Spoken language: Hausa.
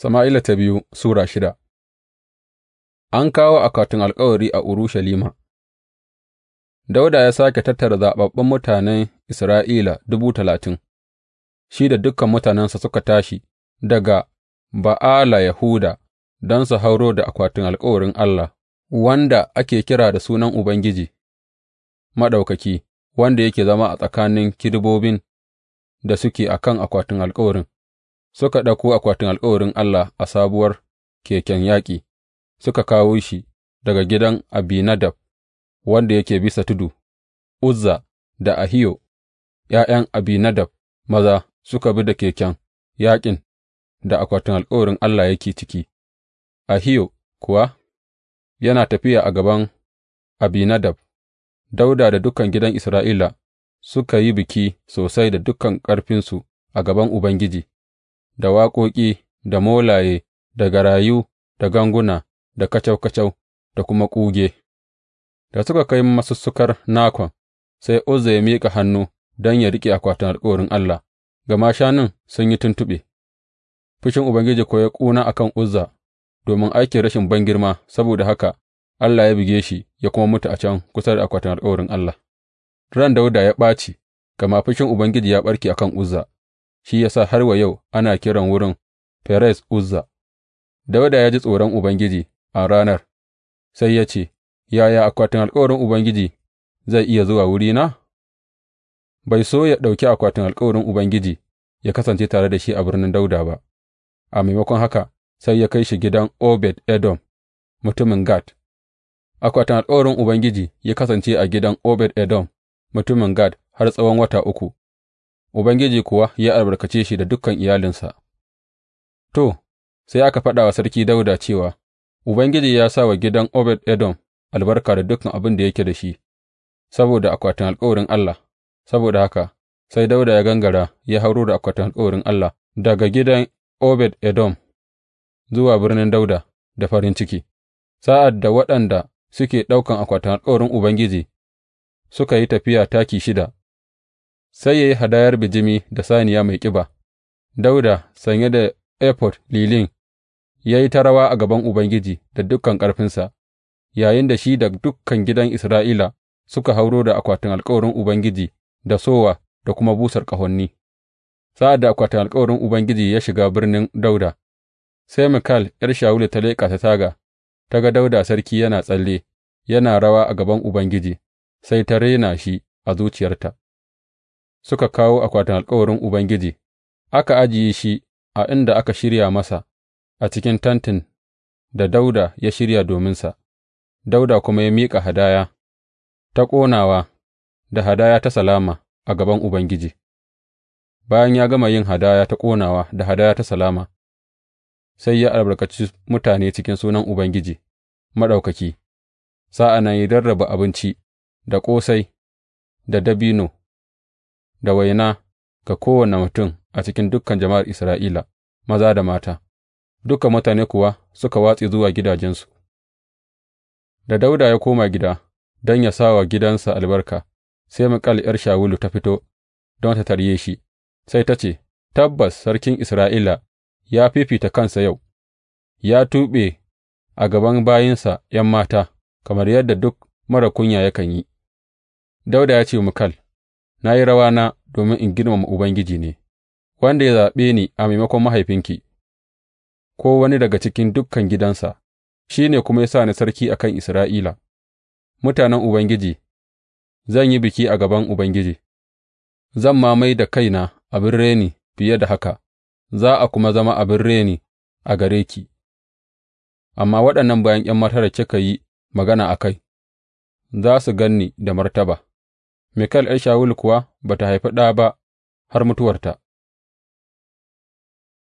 Sama'ila ta biyu Sura shida An kawo akwatin alkawari a Urushalima Dauda ya sake tattara zaɓaɓɓun mutanen Isra'ila dubu talatin, shi da dukan mutanensa suka tashi daga Ba'ala Yahuda don su hauro da akwatin alkawarin Allah, wanda ake kira da sunan Ubangiji Maɗaukaki, wanda yake zama a tsakanin kiribobin da suke a kan akwatin alkawarin. suka ɗauko akwatin alkawarin Allah a sabuwar keken yaƙi, suka kawo shi daga gidan Abinadab, wanda yake bisa tudu, Uzza da Ahiyo, ’ya'yan Abinadab maza suka bi da keken yaƙin da akwatin alkawarin Allah yake ciki, Ahiyo kuwa yana tafiya a gaban Abinadab, Dauda da dukan gidan Isra'ila suka yi biki sosai da dukan ƙarfinsu a gaban Ubangiji. da waƙoƙi, da molaye, da garayu, da ganguna, da kacau kacau, da kuma ƙuge. Da suka kai masussukar Nakon, sai Uzza ya miƙa hannu don ya riƙe akwatin alkawarin Allah, gama shanun sun yi tuntuɓe. Fushin Ubangiji kuwa ya ƙuna a kan Uzza domin aikin rashin bangirma, saboda haka Allah ya buge shi ya kuma mutu a can kusa da akwatin alkawarin Allah. Ran Dauda ya ɓaci, gama fushin Ubangiji ya ɓarke a kan Uzza. shi ya sa har wa yau ana kiran wurin Ferez Uzza. Dawuda ya ji tsoron Ubangiji a ranar, sai ya ce, Yaya akwatin alkawarin Ubangiji zai iya zuwa wurina? Bai so ya ɗauki akwatin alkawarin Ubangiji ya kasance tare da shi a birnin Dauda ba, a maimakon haka sai ya kai shi gidan Obed Edom, mutumin Gad. Akwatin alkawarin Ubangiji ya kasance a gidan Obed Edom, mutumin Gad har tsawon wata uku, Ubangiji kuwa ya albarkace shi da dukan iyalinsa. To, sai aka faɗa wa Sarki Dauda cewa, Ubangiji ya sa wa gidan Obed Edom albarka da dukan abin da yake da shi, saboda akwatin alkawarin Allah, saboda haka sai Dauda ya gangara ya hauro da akwatin alkawarin Allah daga gidan Obed Edom zuwa birnin Dauda da farin ciki, sa'ad da waɗanda suke ɗaukan akwatin alkawarin Ubangiji suka yi tafiya taki shida. sai ya yi hadayar bijimi da saniya mai ƙiba, Dauda sanye da efod lilin, ya yi ta rawa a gaban Ubangiji da dukan ƙarfinsa, yayinda shi da dukan gidan Isra'ila suka hauro da akwatin alkawarin Ubangiji da sowa da kuma busar ƙahonni Sa'ad da akwatin alkawarin Ubangiji ya shiga birnin Dauda, sai Mikal ’yar Shawulu ta leƙa ta taga, ta ga Dauda sarki yana tsalle, yana rawa a gaban Ubangiji, sai ta rena shi a zuciyarta. suka kawo akwatin alkawarin Ubangiji, aka ajiye shi a inda aka shirya masa a cikin tentin da Dauda ya shirya dominsa, Dauda kuma ya miƙa hadaya ta ƙonawa da hadaya ta salama a gaban Ubangiji. Bayan ya gama yin hadaya ta ƙonawa da hadaya ta salama, sai ya albarkaci mutane cikin sunan Ubangiji Maɗaukaki, sa'an nan ya rarraba abinci da ƙosai da dabino da waina ga kowane mutum a cikin dukan jama'ar Isra'ila, maza da mata, dukan mutane kuwa suka watsi zuwa gidajensu. Da Dauda ya koma gida don ya sa wa gidansa albarka, sai Mikal ’yar Shawulu ta fito don ta tarye shi, sai ta ce, Tabbas sarkin Isra'ila ya fifita kansa yau, ya tuɓe a gaban bayinsa ’yan mata, kamar yadda duk mara kunya yakan yi. Dauda ya ce wa Mikal. na yi rawana domin in girmama Ubangiji ne, wanda ya zaɓe ni a maimakon mahaifinki, ko wani daga cikin dukan gidansa, shi ne kuma ya sa ni sarki a kan Isra'ila, mutanen Ubangiji, zan yi biki a gaban Ubangiji, zan mamai da kaina abin reni fiye da haka, za a kuma zama abin reni a gare ki. Amma waɗannan bayan ’yan mata da kika yi magana a kai, za su gan ni da martaba. Mikal ’yar Shawulu kuwa ba tă haifi ɗa ba har mutuwarta.